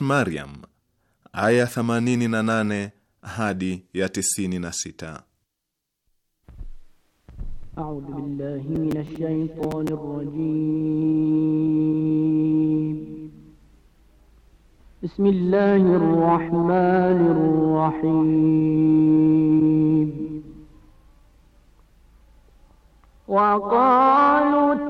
Maryam aya 88 hadi ya 96. A'udhu billahi minash shaitanir Bismillahir rahmanir rahim. Wa qalu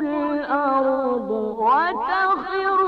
الأرض وتخر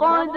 فقد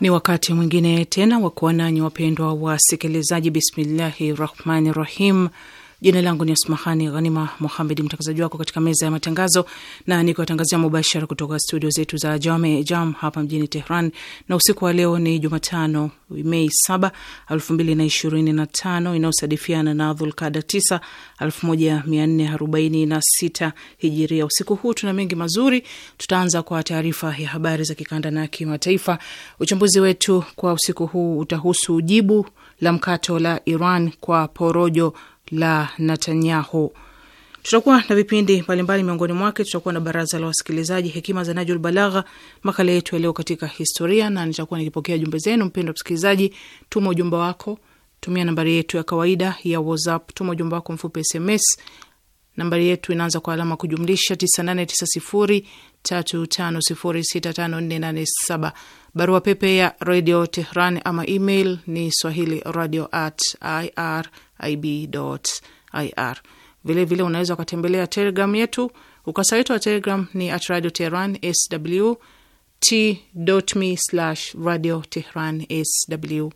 Ni wakati mwingine tena wa kuwa nanyi wapendwa wasikilizaji. Bismillahi rahmani rahim. Jina langu ni Asmahani Ghanima Muhamed, mtangazaji wako katika meza ya matangazo, na nikiwatangazia mubashara kutoka studio zetu za Jame Jam hapa mjini Tehran. Na usiku wa leo ni Jumatano, Mei 7, 2025 inayosadifiana na Dhulkada 9, 1446 Hijiria. Usiku huu tuna mengi mazuri. Tutaanza kwa taarifa ya habari za kikanda na kimataifa. Uchambuzi wetu kwa usiku huu utahusu jibu la mkato la Iran kwa porojo la Netanyahu. Tutakuwa na vipindi mbalimbali, miongoni mwake tutakuwa na baraza la wasikilizaji, hekima za Najul Balagha, makala yetu ya leo katika historia, na nitakuwa nikipokea jumbe zenu. Mpendwa msikilizaji, tuma ujumbe wako, tumia nambari yetu ya kawaida ya WhatsApp, tuma ujumbe wako mfupi SMS. Nambari yetu inaanza kwa alama kujumlisha 989035065487. Barua pepe ya Radio Tehran ama email ni swahili radio at ir IB.ir. Vilevile unaweza ukatembelea telegram yetu, ukasa wetu wa telegram ni at radio tehran sw t.me slash radio tehran sw.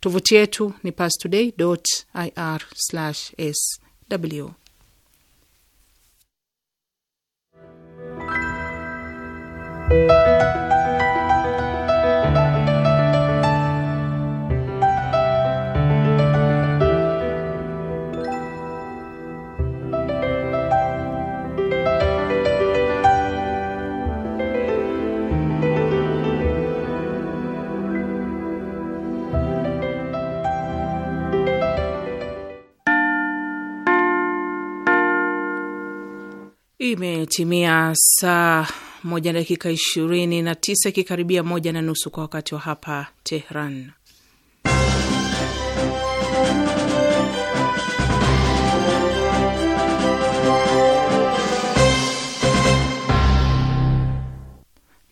Tovuti yetu ni ir slash sw. Imetimia saa moja na dakika ishirini na tisa ikikaribia moja na nusu kwa wakati wa hapa Tehran.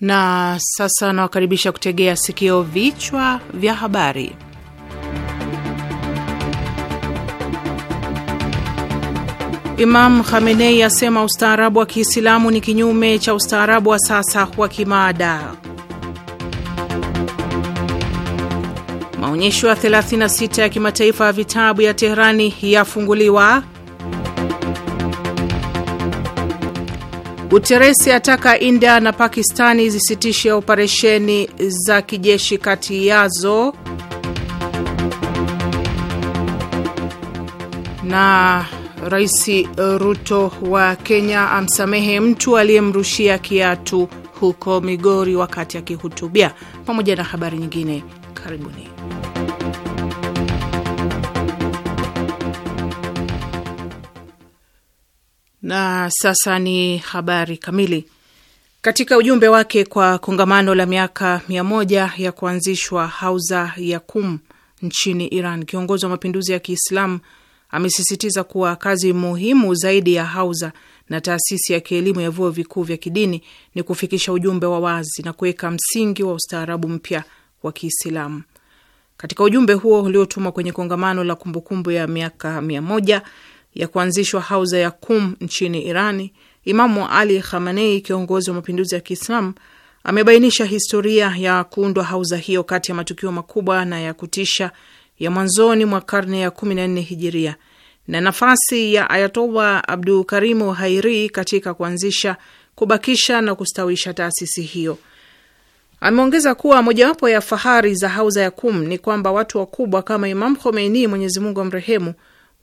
Na sasa nawakaribisha kutegea sikio vichwa vya habari. Imam Khamenei asema ustaarabu wa Kiislamu ni kinyume cha ustaarabu wa sasa wa kimaada. Maonyesho ya 36 ya kimataifa ya vitabu ya Teherani yafunguliwa. uteresi ataka India na Pakistani zisitishe operesheni za kijeshi kati yazo na Rais eh, Ruto wa Kenya amsamehe mtu aliyemrushia kiatu huko Migori wakati akihutubia, pamoja na habari nyingine. Karibuni. Na sasa ni habari kamili. Katika ujumbe wake kwa kongamano la miaka mia moja ya kuanzishwa Hauza ya nchini Iran, kiongozi wa mapinduzi ya Kiislamu amesisitiza kuwa kazi muhimu zaidi ya hauza na taasisi ya kielimu ya vyuo vikuu vya kidini ni kufikisha ujumbe wa wazi na kuweka msingi wa ustaarabu mpya wa Kiislamu. Katika ujumbe huo uliotumwa kwenye kongamano la kumbukumbu ya miaka mia moja ya kuanzishwa hauza ya Kum nchini Irani, Imamu Ali Khamenei, kiongozi wa mapinduzi ya Kiislamu, amebainisha historia ya kuundwa hauza hiyo kati ya matukio makubwa na ya kutisha ya mwanzoni mwa karne ya 14 hijiria na nafasi ya Ayatoba Abdul Karimu Hairi katika kuanzisha, kubakisha na kustawisha taasisi hiyo. Ameongeza kuwa mojawapo ya fahari za hauza ya Kum ni kwamba watu wakubwa kama Imam Khomeini, Mwenyezi Mungu amrehemu,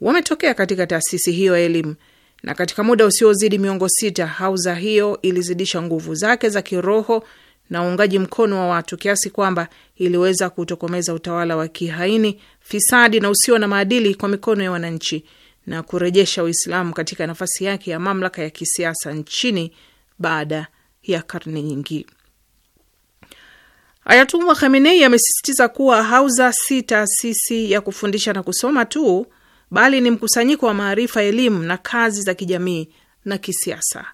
wametokea katika taasisi hiyo ya elimu, na katika muda usiozidi miongo sita hauza hiyo ilizidisha nguvu zake za kiroho na uungaji mkono wa watu kiasi kwamba iliweza kutokomeza utawala wa kihaini, fisadi na usio na maadili kwa mikono ya wananchi na kurejesha Uislamu katika nafasi yake ya mamlaka ya kisiasa nchini baada ya karne nyingi. Ayatullah Khamenei amesisitiza kuwa hauza si taasisi ya kufundisha na kusoma tu, bali ni mkusanyiko wa maarifa, elimu na kazi za kijamii na kisiasa.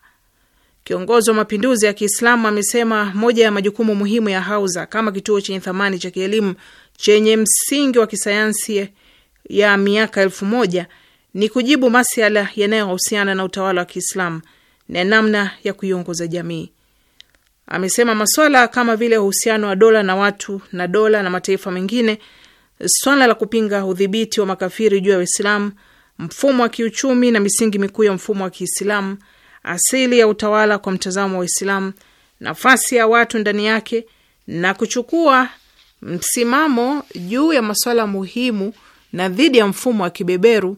Kiongozi wa mapinduzi ya Kiislamu amesema moja ya majukumu muhimu ya Hauza kama kituo chenye thamani cha kielimu chenye msingi wa kisayansi ya miaka elfu moja ni kujibu masuala yanayohusiana na utawala wa Kiislamu na namna ya kuiongoza jamii. Amesema maswala kama vile uhusiano wa dola na watu na dola na mataifa mengine, swala la kupinga udhibiti wa makafiri juu ya Uislamu, mfumo wa kiuchumi na misingi mikuu ya mfumo wa Kiislamu asili ya utawala kwa mtazamo wa Uislamu, nafasi ya watu ndani yake, na kuchukua msimamo juu ya masuala muhimu na dhidi ya mfumo wa kibeberu,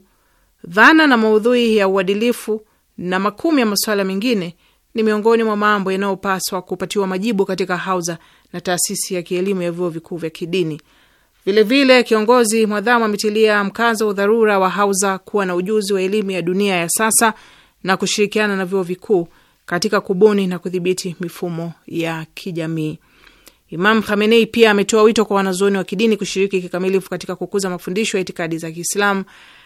dhana na maudhui ya uadilifu na makumi ya masuala mengine ni miongoni mwa mambo yanayopaswa kupatiwa majibu katika hauza na taasisi ya kielimu ya vyuo vikuu vya kidini. Vilevile vile, kiongozi mwadhamu ametilia mkazo udharura wa hauza kuwa na ujuzi wa elimu ya dunia ya sasa na kushirikiana na vyuo vikuu katika kubuni na kudhibiti mifumo ya kijamii. Imam Khamenei pia ametoa wito kwa wanazuoni wa kidini kushiriki kikamilifu katika kukuza mafundisho ya itikadi za Kiislamu,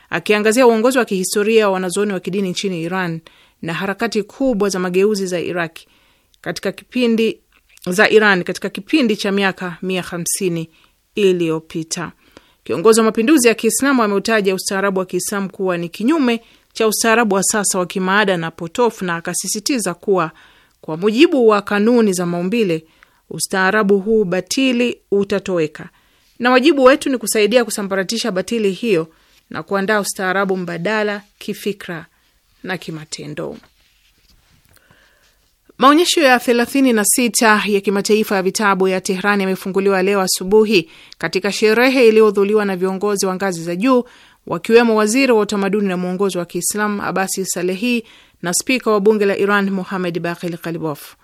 akiangazia uongozi wa kihistoria wa wanazuoni wa kidini nchini Iran na harakati kubwa za mageuzi za Iraki katika kipindi za Iran katika kipindi cha miaka 150 iliyopita. Kiongozi wa mapinduzi ya Kiislamu ameutaja ustaarabu wa Kiislamu kuwa ni kinyume cha ustaarabu wa sasa wa kimaada na potofu, na akasisitiza kuwa kwa mujibu wa kanuni za maumbile ustaarabu huu batili utatoweka, na wajibu wetu ni kusaidia kusambaratisha batili hiyo na kuandaa ustaarabu mbadala kifikra na kimatendo. Maonyesho ya 36 ya kimataifa ya vitabu ya Tehran yamefunguliwa leo asubuhi katika sherehe iliyohudhuriwa na viongozi wa ngazi za juu wakiwemo waziri wa utamaduni na mwongozo wa Kiislamu Abasi Salehi na spika wa bunge la Iran Muhamed bakhil Kalibof.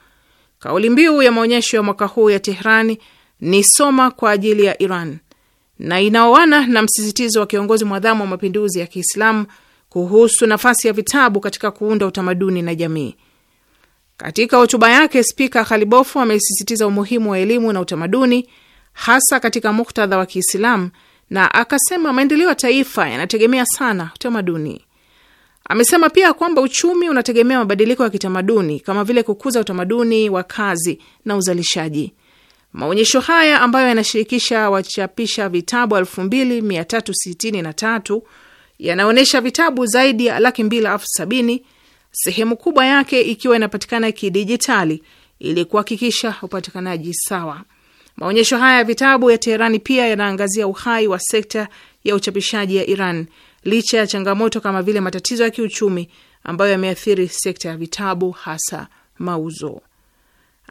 Kauli mbiu ya maonyesho ya mwaka huu ya Tehrani ni soma kwa ajili ya Iran na inaoana na msisitizo wa kiongozi mwadhamu wa mapinduzi ya Kiislamu kuhusu nafasi ya vitabu katika kuunda utamaduni na jamii. Katika hotuba yake, spika Khalibofu amesisitiza umuhimu wa elimu na utamaduni hasa katika muktadha wa Kiislamu na akasema maendeleo ya taifa yanategemea sana utamaduni. Amesema pia kwamba uchumi unategemea mabadiliko ya kitamaduni kama vile kukuza utamaduni wa kazi na uzalishaji. Maonyesho haya ambayo yanashirikisha wachapisha vitabu 2363 yanaonyesha vitabu zaidi ya laki mbili elfu sabini, sehemu kubwa yake ikiwa inapatikana kidijitali ili kuhakikisha upatikanaji sawa. Maonyesho haya ya vitabu ya Teherani pia yanaangazia uhai wa sekta ya uchapishaji ya Iran licha ya changamoto kama vile matatizo ya kiuchumi ambayo yameathiri sekta ya vitabu hasa mauzo.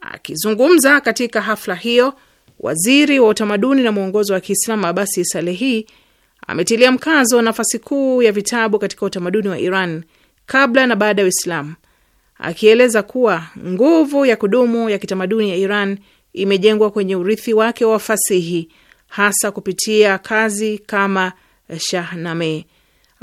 Akizungumza katika hafla hiyo, waziri wa utamaduni na mwongozo wa Kiislamu Abasi Salehi ametilia mkazo nafasi kuu ya vitabu katika utamaduni wa Iran kabla na baada ya Uislamu, akieleza kuwa nguvu ya kudumu ya kitamaduni ya Iran imejengwa kwenye urithi wake wa fasihi, hasa kupitia kazi kama shahname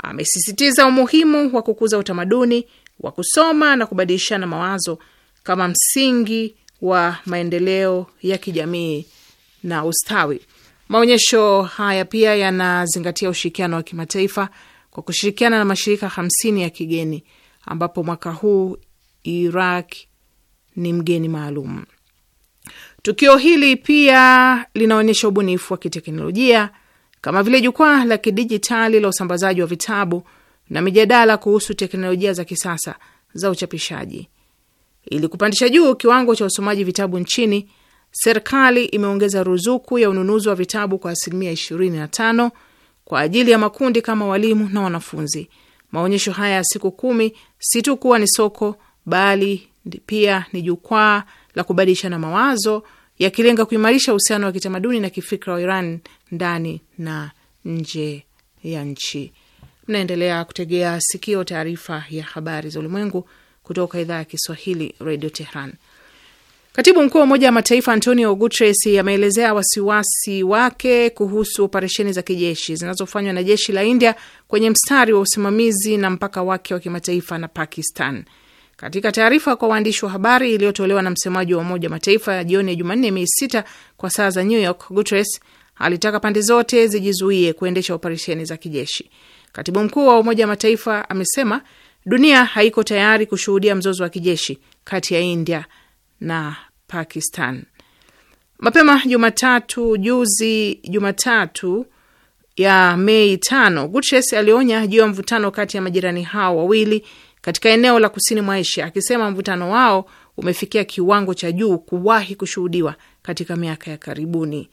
Amesisitiza umuhimu wa kukuza utamaduni wa kusoma na kubadilishana mawazo kama msingi wa maendeleo ya kijamii na ustawi. Maonyesho haya pia yanazingatia ushirikiano wa kimataifa kwa kushirikiana na mashirika hamsini ya kigeni ambapo mwaka huu Iraq ni mgeni maalum. Tukio hili pia linaonyesha ubunifu wa kiteknolojia kama vile jukwaa la kidijitali la usambazaji wa vitabu na mijadala kuhusu teknolojia za kisasa za uchapishaji. Ili kupandisha juu kiwango cha usomaji vitabu nchini, serikali imeongeza ruzuku ya ununuzi wa vitabu kwa asilimia 25 kwa ajili ya makundi kama walimu na wanafunzi. Maonyesho haya ya siku kumi si tu kuwa ni soko, bali pia ni jukwaa la kubadilishana mawazo yakilenga kuimarisha uhusiano wa kitamaduni na kifikra wa Iran ndani na nje ya nchi. Mnaendelea kutegea sikio taarifa ya habari za ulimwengu kutoka idhaa ya Kiswahili, Radio Tehran. Katibu mkuu wa Umoja wa Mataifa Antonio Guterres ameelezea wasiwasi wake kuhusu operesheni za kijeshi zinazofanywa na jeshi la India kwenye mstari wa usimamizi na mpaka wake wa kimataifa na Pakistan. Katika taarifa kwa waandishi wa habari iliyotolewa na msemaji wa Umoja Mataifa ya jioni ya Jumanne, Mei 6 kwa saa za New York, Guterres alitaka pande zote zijizuie kuendesha operesheni za kijeshi. Katibu mkuu wa Umoja Mataifa amesema dunia haiko tayari kushuhudia mzozo wa kijeshi kati ya India na Pakistan. Mapema Jumatatu juzi Jumatatu ya Mei tano, Guterres alionya juu ya mvutano kati ya majirani hao wawili katika eneo la kusini mwa Asia, akisema mvutano wao umefikia kiwango cha juu kuwahi kushuhudiwa katika miaka ya karibuni.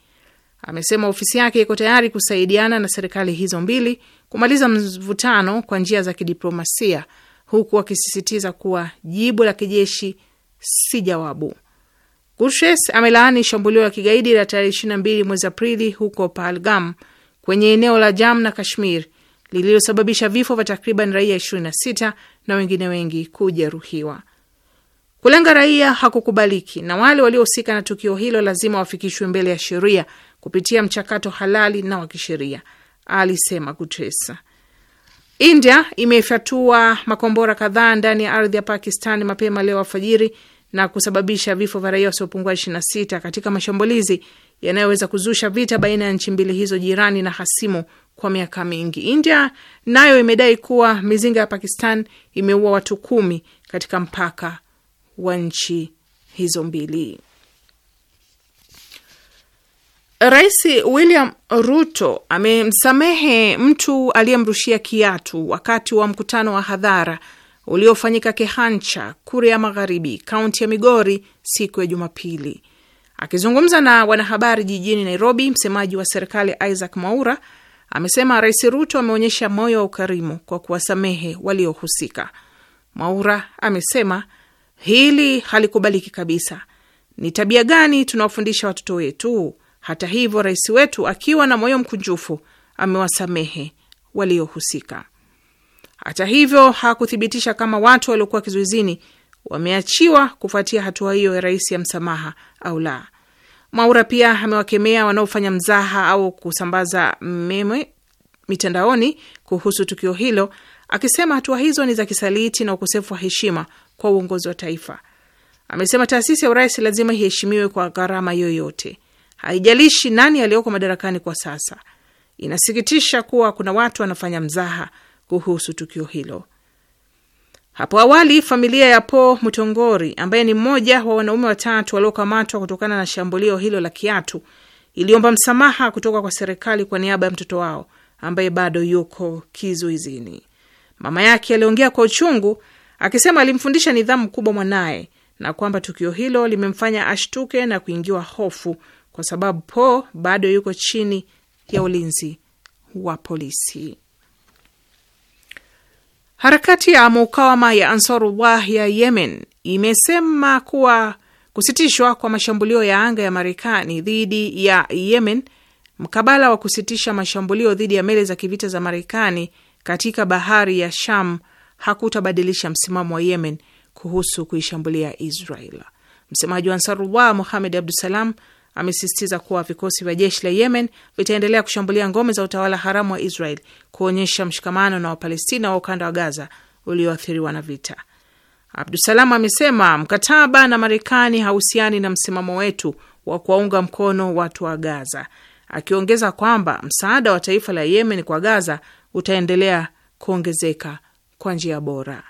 Amesema ofisi yake iko tayari kusaidiana na serikali hizo mbili kumaliza mvutano kwa njia za kidiplomasia, huku akisisitiza kuwa jibu la kijeshi si jawabu. Guterres amelaani shambulio la kigaidi la tarehe 22 mwezi Aprili huko Pahalgam kwenye eneo la Jammu na Kashmir lililosababisha vifo vya takriban raia 26 na wengine wengi kujeruhiwa. Kulenga raia hakukubaliki na wale waliohusika na tukio hilo lazima wafikishwe mbele ya sheria kupitia mchakato halali na wa kisheria, alisema Guterres. India imefyatua makombora kadhaa ndani ya ardhi ya Pakistan mapema leo alfajiri na kusababisha vifo vya raia wasiopungua 26 katika mashambulizi yanayoweza kuzusha vita baina ya nchi mbili hizo jirani na hasimu kwa miaka mingi. India nayo imedai kuwa mizinga ya Pakistan imeua watu kumi katika mpaka wa nchi hizo mbili. Rais William Ruto amemsamehe mtu aliyemrushia kiatu wakati wa mkutano wa hadhara uliofanyika Kehancha, Kuria Magharibi, kaunti ya Migori siku ya Jumapili. Akizungumza na wanahabari jijini Nairobi, msemaji wa serikali Isaac Mwaura amesema Rais Ruto ameonyesha moyo wa ukarimu kwa kuwasamehe waliohusika. Mwaura amesema hili halikubaliki kabisa. Ni tabia gani tunawafundisha watoto wetu? Hata hivyo, rais wetu akiwa na moyo mkunjufu amewasamehe waliohusika. Hata hivyo, hakuthibitisha kama watu waliokuwa kizuizini wameachiwa kufuatia hatua hiyo ya rais ya msamaha au la. Mwaura pia amewakemea wanaofanya mzaha au kusambaza meme mitandaoni kuhusu tukio hilo, akisema hatua hizo ni za kisaliti na ukosefu wa heshima kwa uongozi wa taifa. Amesema taasisi ya urais lazima iheshimiwe kwa gharama yoyote, haijalishi nani aliyoko madarakani kwa sasa. Inasikitisha kuwa kuna watu wanafanya mzaha kuhusu tukio hilo. Hapo awali familia ya po mtongori ambaye ni mmoja wa wanaume watatu waliokamatwa kutokana na shambulio hilo la kiatu, iliomba msamaha kutoka kwa serikali kwa niaba ya mtoto wao ambaye bado yuko kizuizini. Mama yake aliongea kwa uchungu akisema alimfundisha nidhamu kubwa mwanaye na kwamba tukio hilo limemfanya ashtuke na kuingiwa hofu kwa sababu po bado yuko chini ya ulinzi wa polisi. Harakati ya mukawama ya Ansarullah ya Yemen imesema kuwa kusitishwa kwa mashambulio ya anga ya Marekani dhidi ya Yemen mkabala wa kusitisha mashambulio dhidi ya meli za kivita za Marekani katika bahari ya Sham hakutabadilisha msimamo wa Yemen kuhusu kuishambulia Israel. Msemaji wa Ansarullah Muhamed Abdusalam amesisitiza kuwa vikosi vya jeshi la Yemen vitaendelea kushambulia ngome za utawala haramu wa Israel kuonyesha mshikamano na Wapalestina wa ukanda wa Gaza ulioathiriwa na vita. Abdusalam amesema mkataba na Marekani hahusiani na msimamo wetu wa kuwaunga mkono watu wa Gaza, akiongeza kwamba msaada wa taifa la Yemen kwa Gaza utaendelea kuongezeka kwa njia bora.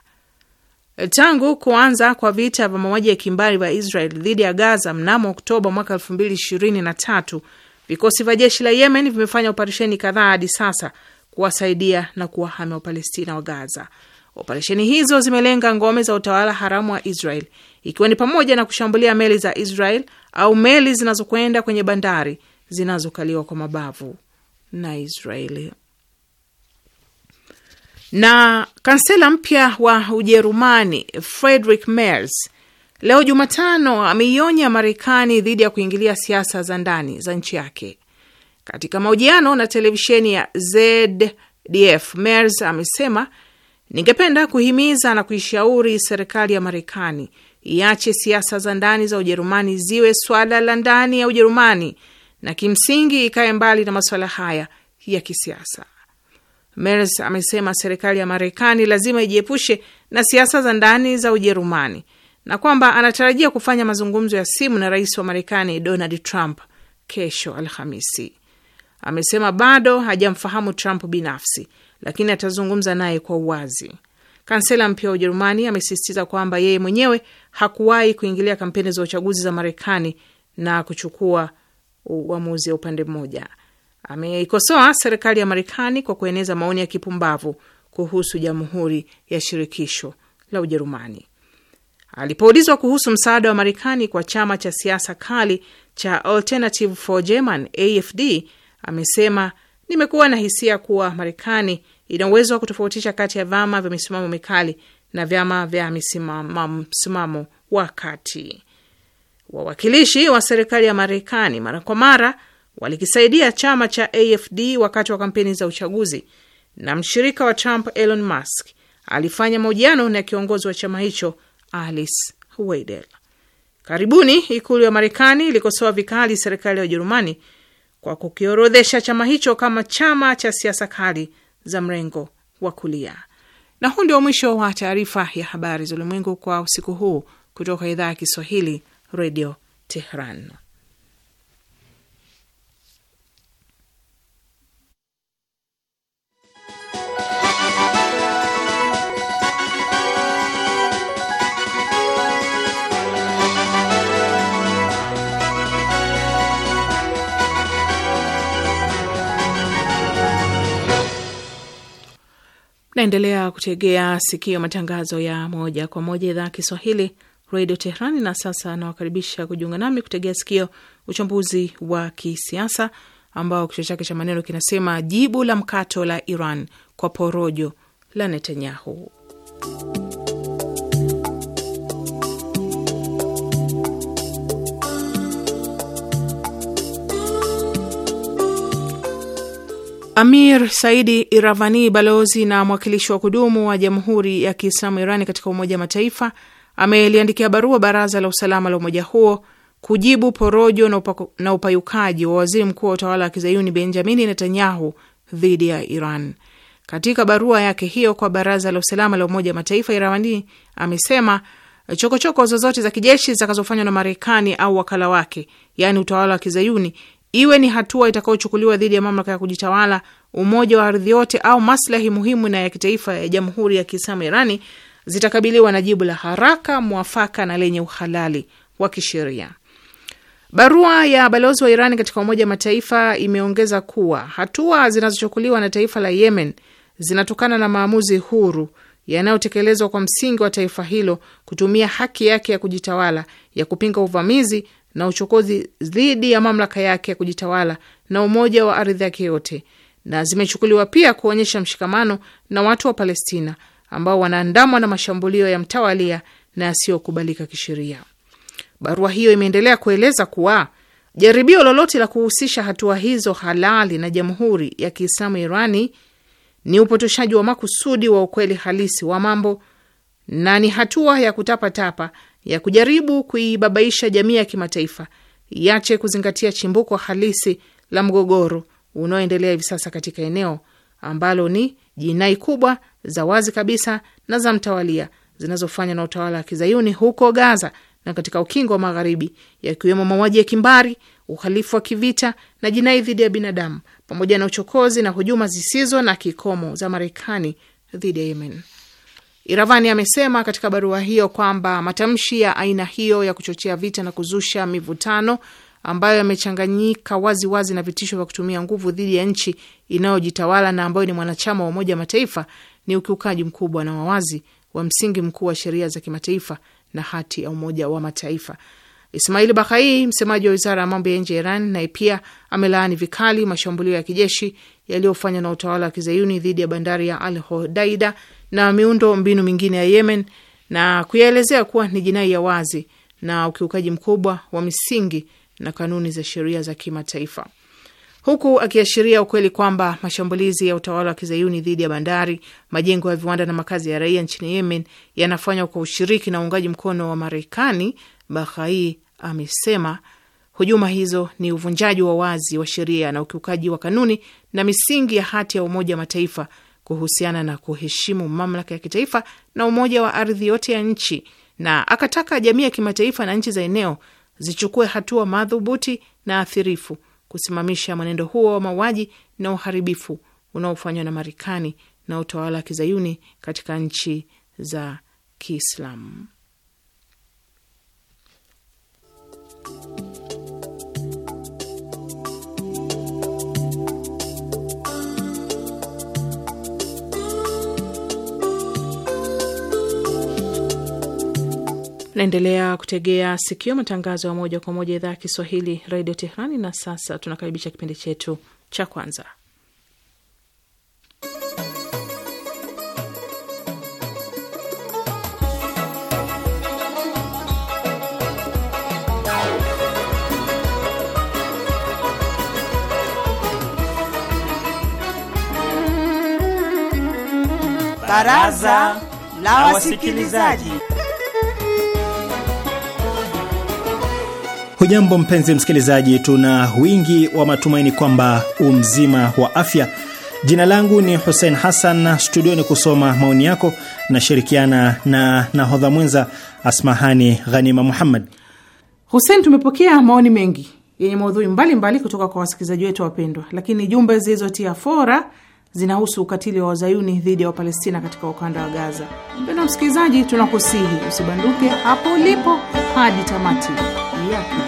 Tangu kuanza kwa vita vya mauaji ya kimbari vya Israel dhidi ya Gaza mnamo Oktoba mwaka elfu mbili ishirini na tatu, vikosi vya jeshi la Yemen vimefanya operesheni kadhaa hadi sasa kuwasaidia na kuwahamia Wapalestina wa Gaza. Operesheni hizo zimelenga ngome za utawala haramu wa Israel, ikiwa ni pamoja na kushambulia meli za Israel au meli zinazokwenda kwenye bandari zinazokaliwa kwa mabavu na Israeli. Na kansela mpya wa Ujerumani Friedrich Merz leo Jumatano ameionya Marekani dhidi ya kuingilia siasa za ndani za nchi yake. Katika mahojiano na televisheni ya ZDF, Merz amesema, ningependa kuhimiza na kuishauri serikali ya Marekani iache siasa za ndani za Ujerumani ziwe swala la ndani ya Ujerumani na kimsingi ikae mbali na masuala haya ya kisiasa. Merz amesema serikali ya Marekani lazima ijiepushe na siasa za ndani za Ujerumani na kwamba anatarajia kufanya mazungumzo ya simu na rais wa Marekani Donald Trump kesho Alhamisi. Amesema bado hajamfahamu Trump binafsi, lakini atazungumza naye kwa uwazi. Kansela mpya wa Ujerumani amesisitiza kwamba yeye mwenyewe hakuwahi kuingilia kampeni za uchaguzi za Marekani na kuchukua uamuzi wa upande mmoja ameikosoa serikali ya Marekani kwa kueneza maoni ya kipumbavu kuhusu jamhuri ya shirikisho la Ujerumani. Alipoulizwa kuhusu msaada wa Marekani kwa chama cha siasa kali cha Alternative for German AFD, amesema nimekuwa na hisia kuwa Marekani ina uwezo wa kutofautisha kati ya vyama vya misimamo mikali na vyama vya msimamo wa kati. Wawakilishi wa serikali ya Marekani mara kwa mara walikisaidia chama cha AFD wakati wa kampeni za uchaguzi, na mshirika wa Trump Elon Musk alifanya mahojiano na kiongozi wa chama hicho Alice Weidel. Karibuni ikulu ya Marekani ilikosoa vikali serikali ya Ujerumani kwa kukiorodhesha chama hicho kama chama cha siasa kali za mrengo wa kulia. Na huu ndio mwisho wa taarifa ya habari za ulimwengu kwa usiku huu kutoka idhaa ya Kiswahili, Radio Tehran. Naendelea kutegea sikio matangazo ya moja kwa moja idhaa Kiswahili redio Teherani. Na sasa anawakaribisha kujiunga nami kutegea sikio uchambuzi wa kisiasa ambao kichwa chake cha maneno kinasema jibu la mkato la Iran kwa porojo la Netanyahu. Amir Saidi Iravani, balozi na mwakilishi wa kudumu wa Jamhuri ya Kiislamu Irani katika Umoja wa Mataifa, ameliandikia barua Baraza la Usalama la umoja huo kujibu porojo na, upa, na upayukaji wa waziri mkuu wa utawala wa kizayuni Benjamini Netanyahu dhidi ya Iran. Katika barua yake hiyo kwa Baraza la Usalama la Umoja wa Mataifa, Iravani amesema chokochoko zozote za kijeshi zitakazofanywa na Marekani au wakala wake, yaani utawala wa kizayuni iwe ni hatua itakayochukuliwa dhidi ya mamlaka ya kujitawala, umoja wa ardhi yote, au maslahi muhimu na ya kitaifa ya Jamhuri ya Kiislamu Irani, zitakabiliwa na jibu la haraka, mwafaka na lenye uhalali wa kisheria. Barua ya balozi wa Irani katika Umoja wa Mataifa imeongeza kuwa hatua zinazochukuliwa na taifa la Yemen zinatokana na maamuzi huru yanayotekelezwa kwa msingi wa taifa hilo kutumia haki yake ya kujitawala ya kupinga uvamizi na uchokozi dhidi ya mamlaka yake ya kujitawala na umoja wa ardhi yake yote, na zimechukuliwa pia kuonyesha mshikamano na watu wa Palestina ambao wanaandamwa na mashambulio ya mtawalia na yasiyokubalika kisheria. Barua hiyo imeendelea kueleza kuwa jaribio lolote la kuhusisha hatua hizo halali na Jamhuri ya Kiislamu Irani ni upotoshaji wa makusudi wa ukweli halisi wa mambo na ni hatua ya kutapatapa ya kujaribu kuibabaisha jamii ya kimataifa iache kuzingatia chimbuko halisi la mgogoro unaoendelea hivi sasa katika eneo ambalo ni jinai kubwa za wazi kabisa na za mtawalia zinazofanywa na utawala wa kizayuni huko Gaza na katika ukingo wa Magharibi, yakiwemo mauaji ya kimbari, uhalifu wa kivita na jinai dhidi ya binadamu, pamoja na uchokozi na hujuma zisizo na kikomo za Marekani dhidi ya Yemen. Iravani amesema katika barua hiyo kwamba matamshi ya aina hiyo ya kuchochea vita na kuzusha mivutano ambayo yamechanganyika wazi wazi na vitisho vya kutumia nguvu dhidi ya nchi inayojitawala na ambayo ni mwanachama wa Umoja wa Mataifa ni ukiukaji mkubwa na wawazi wa msingi mkuu wa sheria za kimataifa na hati ya Umoja wa Mataifa. Ismail Bakai, msemaji wa wizara ya mambo ya nje ya Iran, naye pia amelaani vikali mashambulio ya kijeshi yaliyofanywa na utawala wa kizayuni dhidi ya bandari ya Al Hodaida na miundo mbinu mingine ya Yemen na kuyaelezea kuwa ni jinai ya wazi na ukiukaji mkubwa wa misingi na kanuni za sheria za kimataifa, huku akiashiria ukweli kwamba mashambulizi ya utawala wa kizayuni dhidi ya bandari, majengo ya viwanda na makazi ya raia nchini Yemen yanafanywa kwa ushiriki na uungaji mkono wa Marekani. Bahai amesema hujuma hizo ni uvunjaji wa wazi wa sheria na ukiukaji wa kanuni na misingi ya hati ya Umoja wa Mataifa kuhusiana na kuheshimu mamlaka ya kitaifa na umoja wa ardhi yote ya nchi, na akataka jamii ya kimataifa na nchi za eneo zichukue hatua madhubuti na athirifu kusimamisha mwenendo huo wa mauaji na uharibifu unaofanywa na Marekani na utawala wa kizayuni katika nchi za Kiislamu. Naendelea kutegea sikio matangazo ya moja kwa moja idhaa ya Kiswahili redio tehrani Na sasa tunakaribisha kipindi chetu cha kwanza, baraza la wasikilizaji. Hujambo mpenzi msikilizaji, tuna wingi wa matumaini kwamba umzima wa afya. Jina langu ni Hussein Hassan, studioni kusoma maoni yako nashirikiana na nahodha mwenza Asmahani Ghanima Muhammad. Hussein, tumepokea maoni mengi yenye maudhui mbalimbali kutoka kwa wasikilizaji wetu wapendwa, lakini jumbe zilizotia fora zinahusu ukatili wa wazayuni dhidi ya Wapalestina katika ukanda wa Gaza. Mpendwa msikilizaji, tunakusihi usibanduke hapo ulipo hadi tamati yake.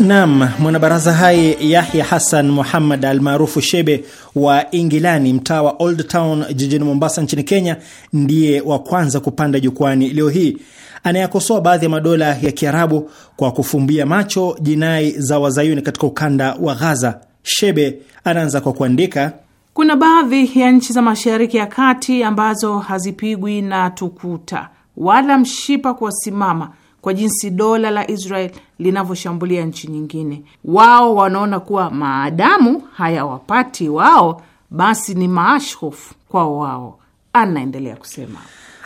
Nam mwanabaraza hai Yahya Hassan Muhammad almaarufu Shebe wa Ingilani, mtaa wa Old Town jijini Mombasa nchini Kenya, ndiye wa kwanza kupanda jukwani leo hii. Anayakosoa baadhi ya madola ya Kiarabu kwa kufumbia macho jinai za wazayuni katika ukanda wa Ghaza. Shebe anaanza kwa kuandika kuna baadhi ya nchi za Mashariki ya Kati ambazo hazipigwi na tukuta wala mshipa kuwasimama kwa jinsi dola la Israel linavyoshambulia nchi nyingine. Wao wanaona kuwa maadamu hayawapati wao, basi ni maashhof kwao wao. Anaendelea kusema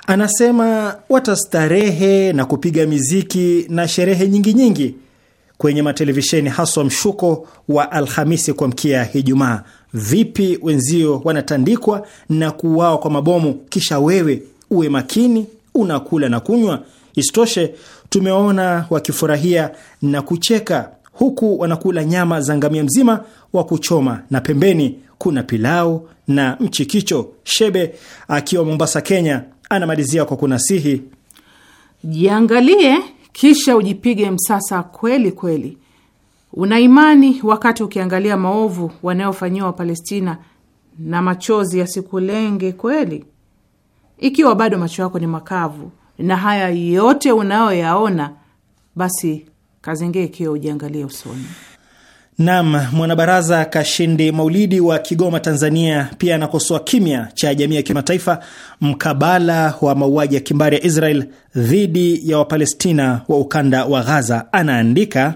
anasema, watastarehe na kupiga miziki na sherehe nyingi nyingi kwenye matelevisheni, haswa mshuko wa Alhamisi kuamkia Ijumaa. Vipi wenzio wanatandikwa na kuuawa kwa mabomu, kisha wewe uwe makini, unakula na kunywa? Isitoshe, tumewaona wakifurahia na kucheka huku wanakula nyama za ngamia mzima wa kuchoma na pembeni kuna pilau na mchikicho. Shebe akiwa Mombasa, Kenya, anamalizia kwa kunasihi, jiangalie kisha ujipige msasa kweli kweli. Una imani wakati ukiangalia maovu wanayofanyiwa Wapalestina na machozi yasikulenge kweli? Ikiwa bado macho yako ni makavu na haya yote unayoyaona, basi kazengee kio ujiangalie usoni. Nam mwanabaraza Kashindi Maulidi wa Kigoma, Tanzania, pia anakosoa kimya cha jamii ya kimataifa mkabala wa mauaji ya kimbari ya Israel dhidi ya Wapalestina wa ukanda wa Ghaza. Anaandika,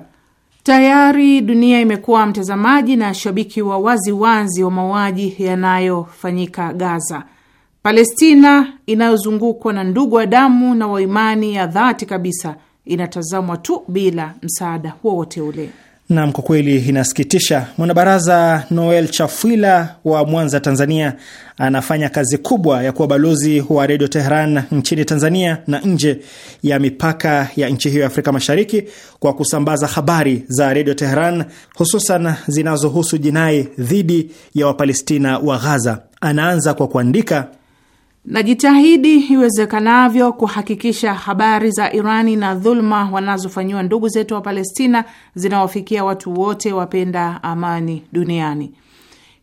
tayari dunia imekuwa mtazamaji na shabiki wa waziwazi wa mauaji yanayofanyika Gaza. Palestina inayozungukwa na ndugu wa damu na waimani ya dhati kabisa inatazamwa tu bila msaada wowote ule. Nam, kwa kweli inasikitisha. Mwanabaraza Noel Chafwila wa Mwanza, Tanzania, anafanya kazi kubwa ya kuwa balozi wa Redio Teheran nchini Tanzania na nje ya mipaka ya nchi hiyo ya Afrika Mashariki kwa kusambaza habari za Redio Teheran, hususan zinazohusu jinai dhidi ya Wapalestina wa Ghaza. Anaanza kwa kuandika Najitahidi iwezekanavyo kuhakikisha habari za Irani na dhuluma wanazofanyiwa ndugu zetu wa Palestina zinawafikia watu wote wapenda amani duniani.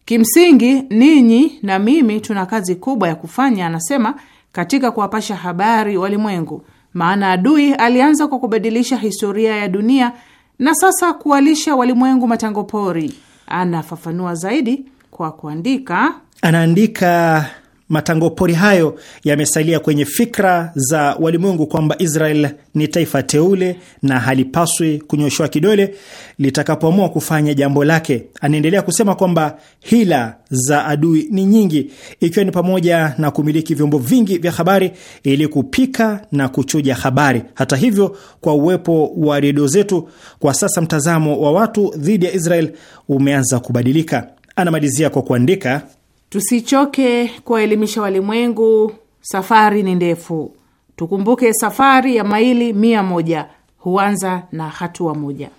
Kimsingi ninyi na mimi tuna kazi kubwa ya kufanya, anasema, katika kuwapasha habari walimwengu, maana adui alianza kwa kubadilisha historia ya dunia na sasa kuwalisha walimwengu matango pori. Anafafanua zaidi kwa kuandika, anaandika matango pori hayo yamesalia kwenye fikra za walimwengu kwamba Israel ni taifa teule na halipaswi kunyoshewa kidole litakapoamua kufanya jambo lake. Anaendelea kusema kwamba hila za adui ni nyingi, ikiwa ni pamoja na kumiliki vyombo vingi vya habari ili kupika na kuchuja habari. Hata hivyo, kwa uwepo wa redio zetu kwa sasa, mtazamo wa watu dhidi ya Israel umeanza kubadilika. Anamalizia kwa kuandika Tusichoke kuwaelimisha walimwengu, safari ni ndefu. Tukumbuke safari ya maili mia moja huanza na hatua moja.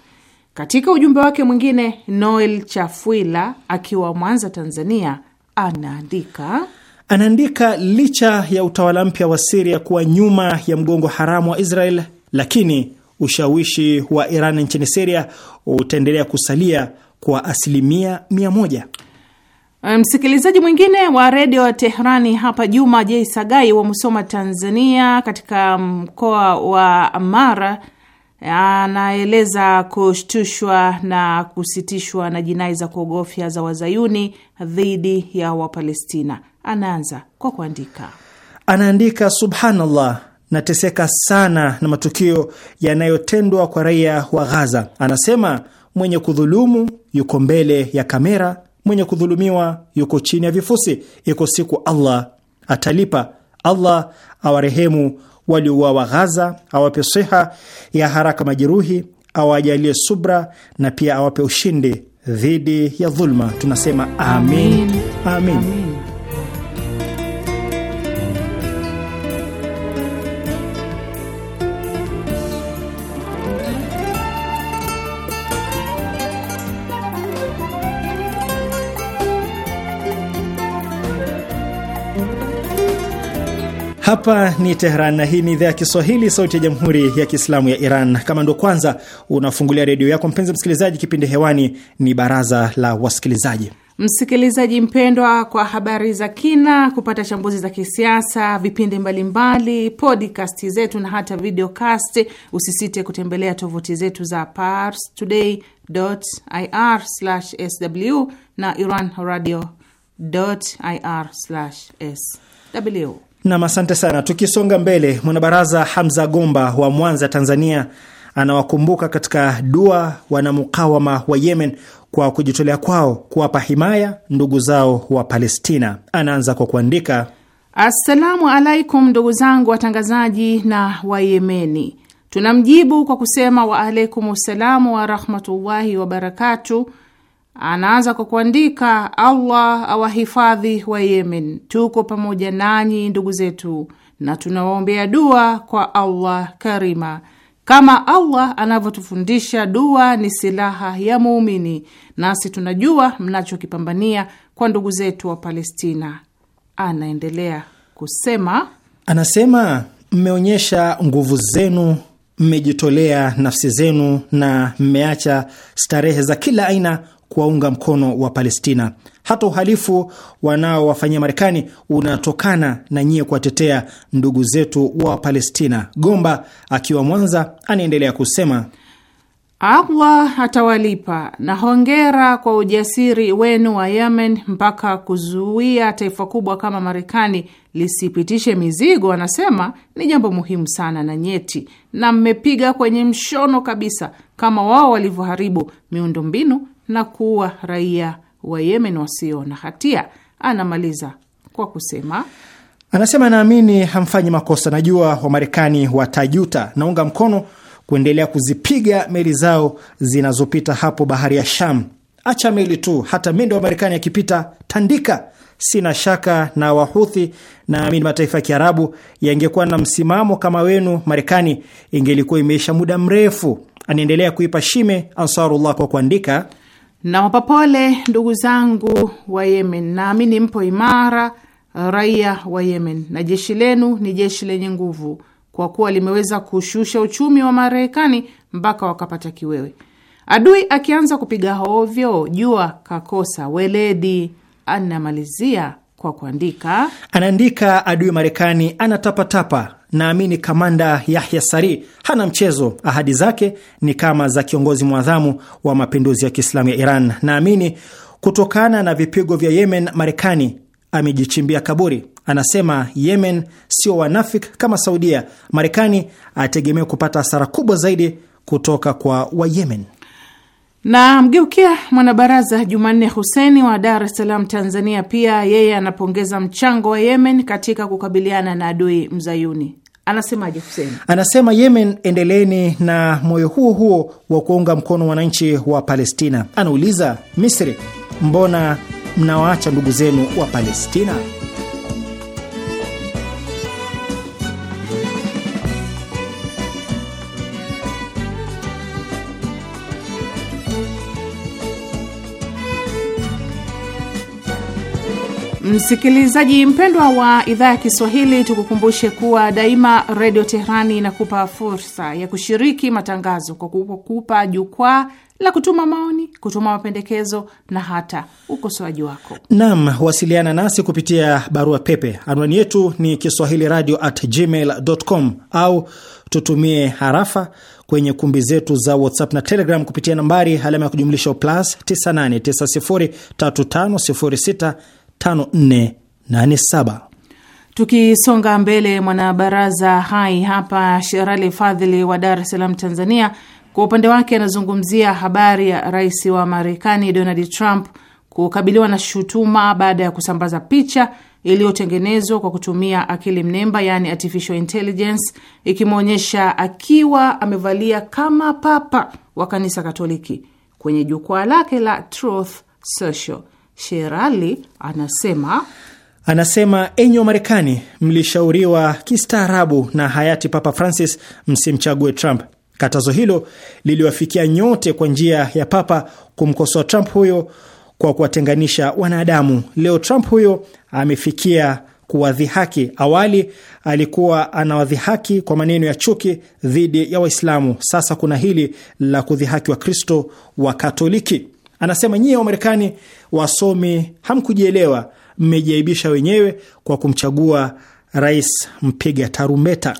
Katika ujumbe wake mwingine, Noel Chafwila akiwa Mwanza, Tanzania, anaandika anaandika licha ya utawala mpya wa Siria kuwa nyuma ya mgongo haramu wa Israel, lakini ushawishi wa Iran nchini Siria utaendelea kusalia kwa asilimia mia moja. Eh, msikilizaji mwingine wa redio wa Teherani hapa Juma Jei Sagai wa Musoma, Tanzania, katika mkoa wa Mara anaeleza kushtushwa na kusitishwa na jinai za kuogofya za wazayuni dhidi ya Wapalestina. Anaanza kwa kuandika, anaandika subhanallah, nateseka sana na matukio yanayotendwa kwa raia wa Ghaza. Anasema mwenye kudhulumu yuko mbele ya kamera mwenye kudhulumiwa yuko chini ya vifusi. Iko siku Allah atalipa. Allah awarehemu waliouawa Ghaza, awape siha ya haraka majeruhi, awajalie subra na pia awape ushindi dhidi ya dhulma. Tunasema amin, amin, amin. Hapa ni Tehran na hii ni idhaa ya Kiswahili, sauti ya jamhuri ya kiislamu ya Iran. Kama ndo kwanza unafungulia redio yako, mpenzi msikilizaji, kipindi hewani ni baraza la wasikilizaji. Msikilizaji mpendwa, kwa habari za kina, kupata chambuzi za kisiasa, vipindi mbalimbali, podcast zetu na hata videocast, usisite kutembelea tovuti zetu za pars ir sw na ir sw Nam, asante sana. Tukisonga mbele, mwanabaraza Hamza Gomba wa Mwanza, Tanzania, anawakumbuka katika dua wanamukawama wa Yemen kwa kujitolea kwao kuwapa himaya ndugu zao wa Palestina. Anaanza kwa kuandika, assalamu alaikum, ndugu zangu watangazaji na Wayemeni. Tunamjibu kwa kusema waalaikum ssalamu warahmatullahi wabarakatu Anaanza kwa kuandika: Allah awahifadhi wa Yemen, tuko pamoja nanyi ndugu zetu, na tunawaombea dua kwa Allah Karima, kama Allah anavyotufundisha. Dua ni silaha ya muumini, nasi tunajua mnachokipambania kwa ndugu zetu wa Palestina. Anaendelea kusema, anasema mmeonyesha nguvu zenu, mmejitolea nafsi zenu, na mmeacha starehe za kila aina kuwaunga mkono wa Palestina. Hata uhalifu wanaowafanyia Marekani unatokana na nyie kuwatetea ndugu zetu wa Palestina. Gomba akiwa Mwanza anaendelea kusema Allah atawalipa na hongera kwa ujasiri wenu wa Yemen mpaka kuzuia taifa kubwa kama Marekani lisipitishe mizigo, anasema ni jambo muhimu sana na nyeti, na mmepiga kwenye mshono kabisa, kama wao walivyoharibu miundombinu na kuua raia wa Yemen wasio na hatia. Anamaliza kwa kusema anasema, naamini hamfanyi makosa, najua Wamarekani watajuta. Naunga mkono kuendelea kuzipiga meli zao zinazopita hapo bahari ya Sham. Acha meli tu, hata mendo wa Marekani akipita tandika. Sina shaka na Wahuthi. Naamini mataifa ya Kiarabu yangekuwa na msimamo kama wenu, Marekani ingelikuwa imeisha muda mrefu. Anaendelea kuipa shime Ansarullah kwa kuandika Nawapa pole ndugu zangu wa Yemen, naamini mpo imara, uh, raia wa Yemen, na jeshi lenu ni jeshi lenye nguvu, kwa kuwa limeweza kushusha uchumi wa Marekani mpaka wakapata kiwewe. Adui akianza kupiga hovyo, jua kakosa weledi. Anamalizia kwa kuandika, anaandika adui Marekani anatapatapa naamini kamanda Yahya Sari hana mchezo, ahadi zake ni kama za kiongozi mwadhamu wa mapinduzi ya Kiislamu ya Iran. Naamini kutokana na vipigo vya Yemen, Marekani amejichimbia kaburi. Anasema Yemen sio wanafik kama Saudia. Marekani ategemea kupata hasara kubwa zaidi kutoka kwa Wayemen. Na mgeukia mwanabaraza Jumanne Huseni wa Dar es Salaam, Tanzania. Pia yeye anapongeza mchango wa Yemen katika kukabiliana na adui mzayuni. Anasemaje Hussein? Anasema Yemen, endeleeni na moyo huo huo wa kuunga mkono wananchi wa Palestina. Anauliza Misri, mbona mnawaacha ndugu zenu wa Palestina? Msikilizaji mpendwa wa idhaa ya Kiswahili, tukukumbushe kuwa daima Redio Teherani inakupa fursa ya kushiriki matangazo kwa kukupa jukwaa la kutuma maoni, kutuma mapendekezo na hata ukosoaji wako. Naam, wasiliana nasi kupitia barua pepe. Anwani yetu ni kiswahili radio at gmail com, au tutumie harafa kwenye kumbi zetu za WhatsApp na Telegram kupitia nambari alama ya kujumlisha plus 98903506 5487. Tukisonga mbele, mwanabaraza hai hapa Sherali Fadhili wa Dar es Salaam, Tanzania, kwa upande wake anazungumzia habari ya rais wa Marekani Donald Trump kukabiliwa na shutuma baada ya kusambaza picha iliyotengenezwa kwa kutumia akili mnemba, yani artificial intelligence, ikimwonyesha akiwa amevalia kama papa wa kanisa Katoliki kwenye jukwaa lake la Truth Social. Sherali anasema anasema enyi wa Marekani, mlishauriwa kistaarabu na hayati Papa Francis msimchague Trump. Katazo hilo liliwafikia nyote kwa njia ya Papa kumkosoa Trump huyo kwa kuwatenganisha wanadamu. Leo Trump huyo amefikia kuwadhihaki. Awali alikuwa anawadhihaki kwa maneno ya chuki dhidi ya Waislamu, sasa kuna hili la kudhihaki kristo wa Katoliki. Anasema nyie Wamarekani wasomi hamkujielewa, mmejiaibisha wenyewe kwa kumchagua rais mpiga tarumbeta.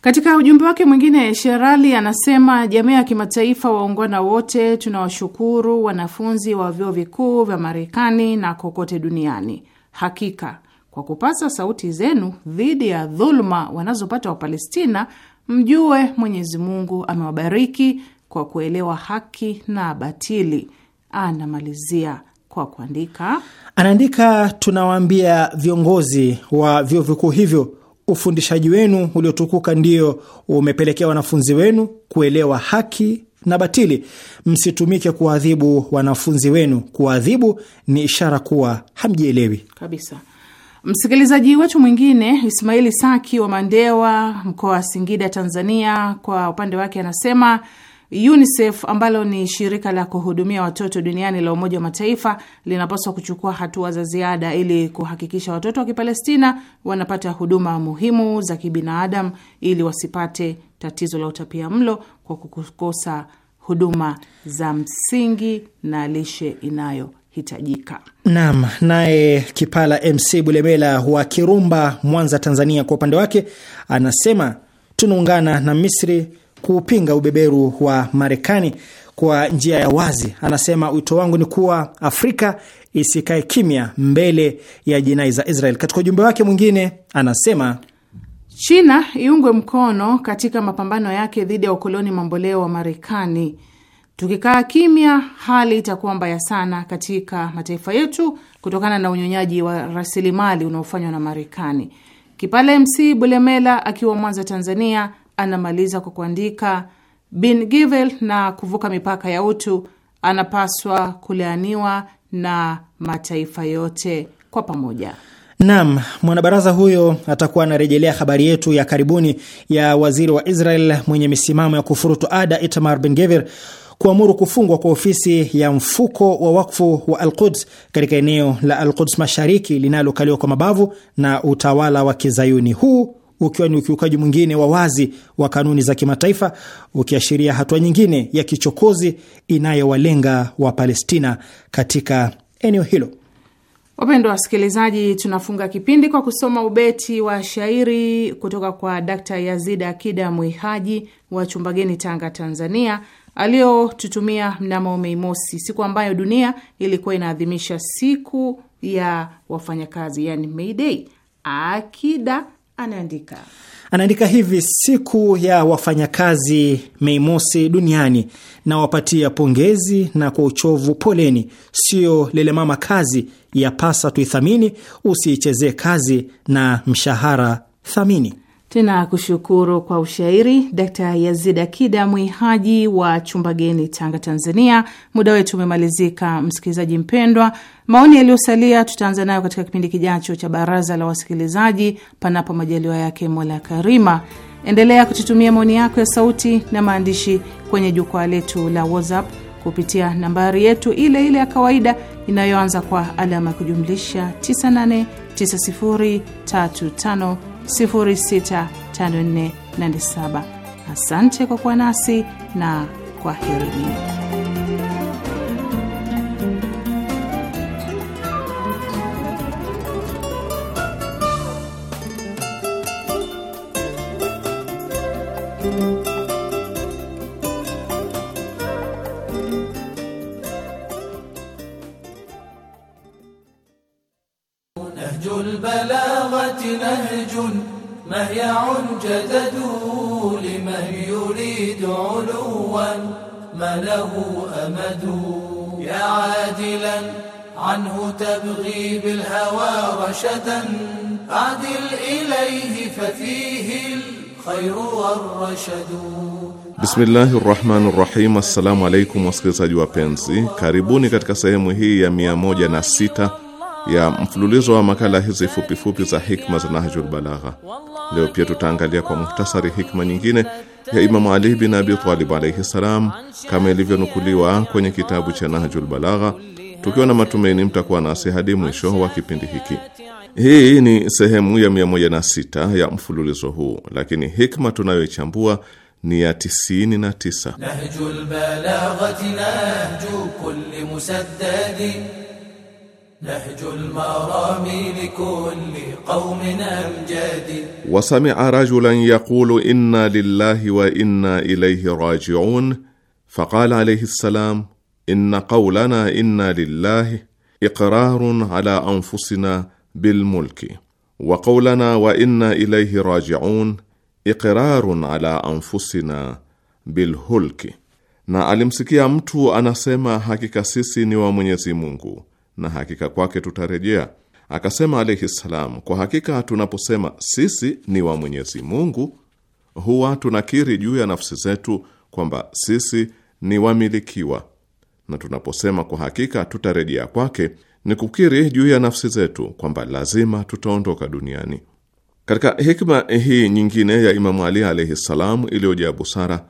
Katika ujumbe wake mwingine, Sherali anasema jamii ya kimataifa, waungwana wote, tunawashukuru wanafunzi wa vyuo vikuu vya Marekani na kokote duniani. Hakika kwa kupasa sauti zenu dhidi ya dhuluma wanazopata Wapalestina, mjue Mwenyezi Mungu amewabariki kwa kuelewa haki na batili anamalizia kwa kuandika, anaandika: tunawaambia viongozi wa vyuo vikuu hivyo, ufundishaji wenu uliotukuka ndio umepelekea wanafunzi wenu kuelewa haki na batili. Msitumike kuwaadhibu wanafunzi wenu, kuwaadhibu ni ishara kuwa hamjielewi kabisa. Msikilizaji wetu mwingine Ismaili Saki wa Mandewa, mkoa wa Singida, Tanzania, kwa upande wake anasema UNICEF ambalo ni shirika la kuhudumia watoto duniani la Umoja wa Mataifa linapaswa kuchukua hatua za ziada ili kuhakikisha watoto wa Kipalestina wanapata huduma muhimu za kibinadamu ili wasipate tatizo la utapia mlo kwa kukosa huduma za msingi na lishe inayo Naam, naye Kipala MC Bulemela wa Kirumba, Mwanza, Tanzania, kwa upande wake anasema tunaungana na Misri kuupinga ubeberu wa Marekani kwa njia ya wazi. Anasema wito wangu ni kuwa Afrika isikae kimya mbele ya jinai za Israel. Katika ujumbe wake mwingine anasema China iungwe mkono katika mapambano yake dhidi ya ukoloni mamboleo wa Marekani. Tukikaa kimya, hali itakuwa mbaya sana katika mataifa yetu kutokana na unyonyaji wa rasilimali unaofanywa na Marekani. Kipale MC Bulemela akiwa Mwanza, Tanzania, Anamaliza kwa kuandika, Bin Givel na kuvuka mipaka ya utu anapaswa kulaaniwa na mataifa yote kwa pamoja. Naam, mwanabaraza huyo atakuwa anarejelea habari yetu ya karibuni ya waziri wa Israel mwenye misimamo ya kufurutu ada Itamar Bin Gvir kuamuru kufungwa kwa ofisi ya mfuko wa wakfu wa Al-Quds katika eneo la Al-Quds Mashariki linalokaliwa kwa mabavu na utawala wa Kizayuni. Huu ukiwa ni ukiukaji mwingine wa wazi wa kanuni za kimataifa, ukiashiria hatua nyingine ya kichokozi inayowalenga Wapalestina katika eneo hilo. Wapendwa wasikilizaji, tunafunga kipindi kwa kusoma ubeti wa shairi kutoka kwa Dkt. Yazid Akida Mwihaji wa Chumbageni, Tanga, Tanzania, aliyotutumia mnamo Mei Mosi, siku ambayo dunia ilikuwa inaadhimisha siku ya wafanyakazi, yani May Day. Akida anaandika anaandika hivi: siku ya wafanyakazi Mei Mosi duniani, na wapatia pongezi na kwa uchovu poleni. Sio mama kazi ya pasa tuithamini, usiichezee kazi na mshahara thamini. Tena kushukuru kwa ushairi Dkt. Yazid Akida Mwihaji wa chumba geni Tanga, Tanzania. Muda wetu umemalizika, msikilizaji mpendwa. Maoni yaliyosalia tutaanza nayo katika kipindi kijacho cha Baraza la Wasikilizaji, panapo majaliwa yake Mola Karima. Endelea kututumia maoni yako ya sauti na maandishi kwenye jukwaa letu la WhatsApp kupitia nambari yetu ile ile ya kawaida inayoanza kwa alama ya kujumlisha 989035 065487. Asante kwa kuwa nasi na kwa herini. نهج مهيع جدد لمن يريد علوا ما له أمد يا عادلا عنه تبغي بالهوى رشدا أعدل إليه ففيه الخير والرشد Bismillahi rahmani rahim. Assalamu alaikum wasikilizaji wapenzi, karibuni katika sehemu hii ya mia moja na sita ya mfululizo wa makala hizi fupifupi za hikma za Nahjul Balagha. Leo pia tutaangalia kwa muhtasari hikma nyingine ya Imamu Ali bin Abi Talib alaihi ssalam, kama ilivyonukuliwa kwenye kitabu cha Nahjul Balagha, tukiwa na matumaini mtakuwa nasi hadi mwisho wa kipindi hiki. Hii ni sehemu ya 106 ya mfululizo huu, lakini hikma tunayoichambua ni ya 99. نهج المرامي لكل قوم أمجاد وسمع رجلا يقول إنا لله وإنا إليه راجعون فقال عليه السلام إن قولنا إنا لله إقرار على أنفسنا بالملك وقولنا وإنا إليه راجعون إقرار على أنفسنا بالهلك. Na alimsikia mtu anasema, hakika sisi ni wa Mwenyezi Mungu na hakika kwake tutarejea. Akasema alaihi ssalam, kwa hakika tunaposema sisi ni wa Mwenyezi Mungu, huwa tunakiri juu ya nafsi zetu kwamba sisi ni wamilikiwa, na tunaposema kwa hakika tutarejea kwake, ni kukiri juu ya nafsi zetu kwamba lazima tutaondoka duniani. Katika hikma hii nyingine ya Imamu Ali alaihi ssalam iliyojaa busara,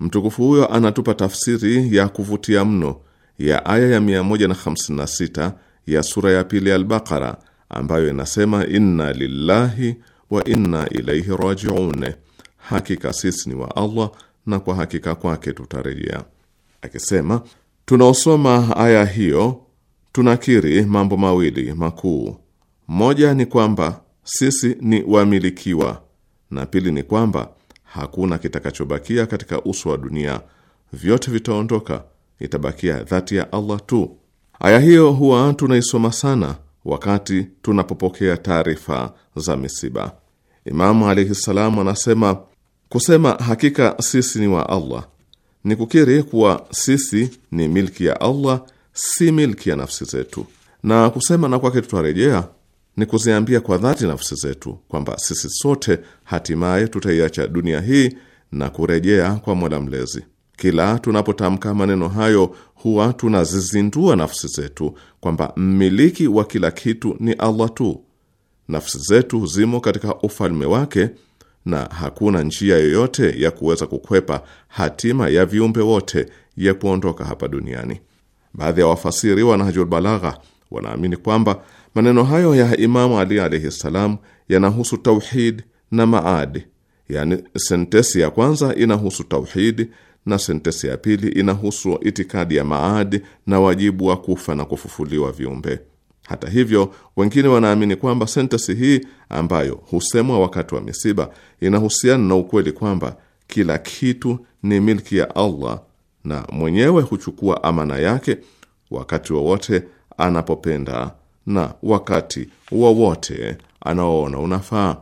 mtukufu huyo anatupa tafsiri ya kuvutia mno ya aya ya 156 ya sura ya pili ya Al-Baqara ambayo inasema inna lillahi wa inna ilaihi rajiun, hakika sisi ni wa Allah na kwa hakika kwake tutarejea. Akisema tunaosoma aya hiyo tunakiri mambo mawili makuu: moja ni kwamba sisi ni wamilikiwa, na pili ni kwamba hakuna kitakachobakia katika uso wa dunia, vyote vitaondoka itabakia dhati ya Allah tu. Aya hiyo huwa tunaisoma sana wakati tunapopokea taarifa za misiba. Imamu alaihi salamu anasema kusema hakika sisi ni wa Allah ni kukiri kuwa sisi ni milki ya Allah, si milki ya nafsi zetu, na kusema na kwake tutarejea ni kuziambia kwa dhati nafsi zetu kwamba sisi sote hatimaye tutaiacha dunia hii na kurejea kwa Mola Mlezi. Kila tunapotamka maneno hayo huwa tunazizindua nafsi zetu kwamba mmiliki wa kila kitu ni Allah tu. Nafsi zetu zimo katika ufalme wake na hakuna njia yoyote ya kuweza kukwepa hatima ya viumbe wote ya kuondoka hapa duniani. Baadhi ya wafasiri wa Nahjul Balagha wanaamini kwamba maneno hayo ya Imamu Ali alaihi ssalam yanahusu tauhid na maadi, yani sentesi ya kwanza inahusu tauhidi na sentensi ya pili inahusu itikadi ya maadi na wajibu wa kufa na kufufuliwa viumbe. Hata hivyo, wengine wanaamini kwamba sentensi hii ambayo husemwa wakati wa misiba inahusiana na ukweli kwamba kila kitu ni milki ya Allah na mwenyewe huchukua amana yake wakati wowote wa anapopenda na wakati wowote wa anaoona unafaa.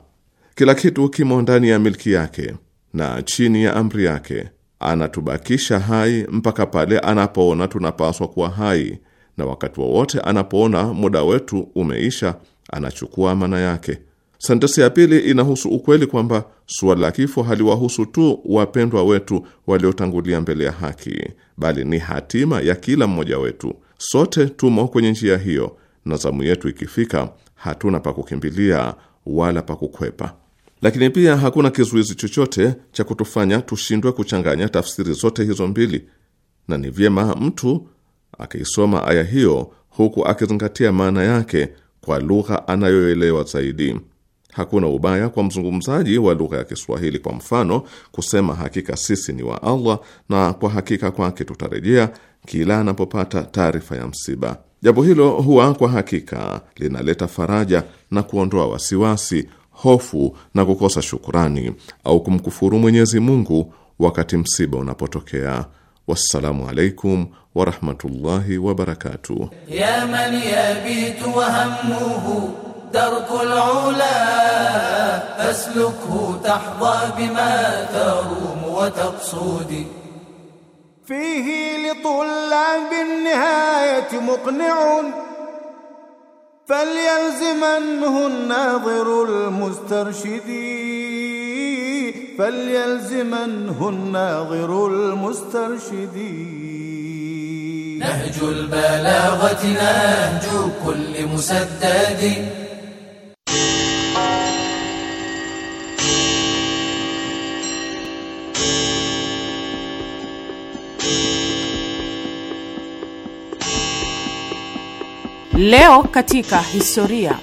Kila kitu kimo ndani ya milki yake na chini ya amri yake anatubakisha hai mpaka pale anapoona tunapaswa kuwa hai, na wakati wowote anapoona muda wetu umeisha, anachukua maana yake. Sentensi ya pili inahusu ukweli kwamba suala la kifo haliwahusu tu wapendwa wetu waliotangulia mbele ya haki, bali ni hatima ya kila mmoja wetu. Sote tumo kwenye njia hiyo, na zamu yetu ikifika, hatuna pa kukimbilia wala pa kukwepa lakini pia hakuna kizuizi chochote cha kutufanya tushindwe kuchanganya tafsiri zote hizo mbili, na ni vyema mtu akiisoma aya hiyo huku akizingatia maana yake kwa lugha anayoelewa zaidi. Hakuna ubaya kwa mzungumzaji wa lugha ya Kiswahili, kwa mfano, kusema hakika sisi ni wa Allah na kwa hakika kwake tutarejea, kila anapopata taarifa ya msiba. Jambo hilo huwa kwa hakika linaleta faraja na kuondoa wasiwasi hofu na kukosa shukurani au kumkufuru Mwenyezi Mungu wakati msiba unapotokea. Wassalamu alaikum warahmatullahi wabarakatuh. ya man yabitu wa hammuhu darkul ula faslukhu tahda bima tarum wa taqsudi fihi li nihayati muqni'un فليلزمنه الناظر المسترشد فليلزمنه الناظر المسترشد نهج البلاغة نهج كل مسدد Leo katika historia.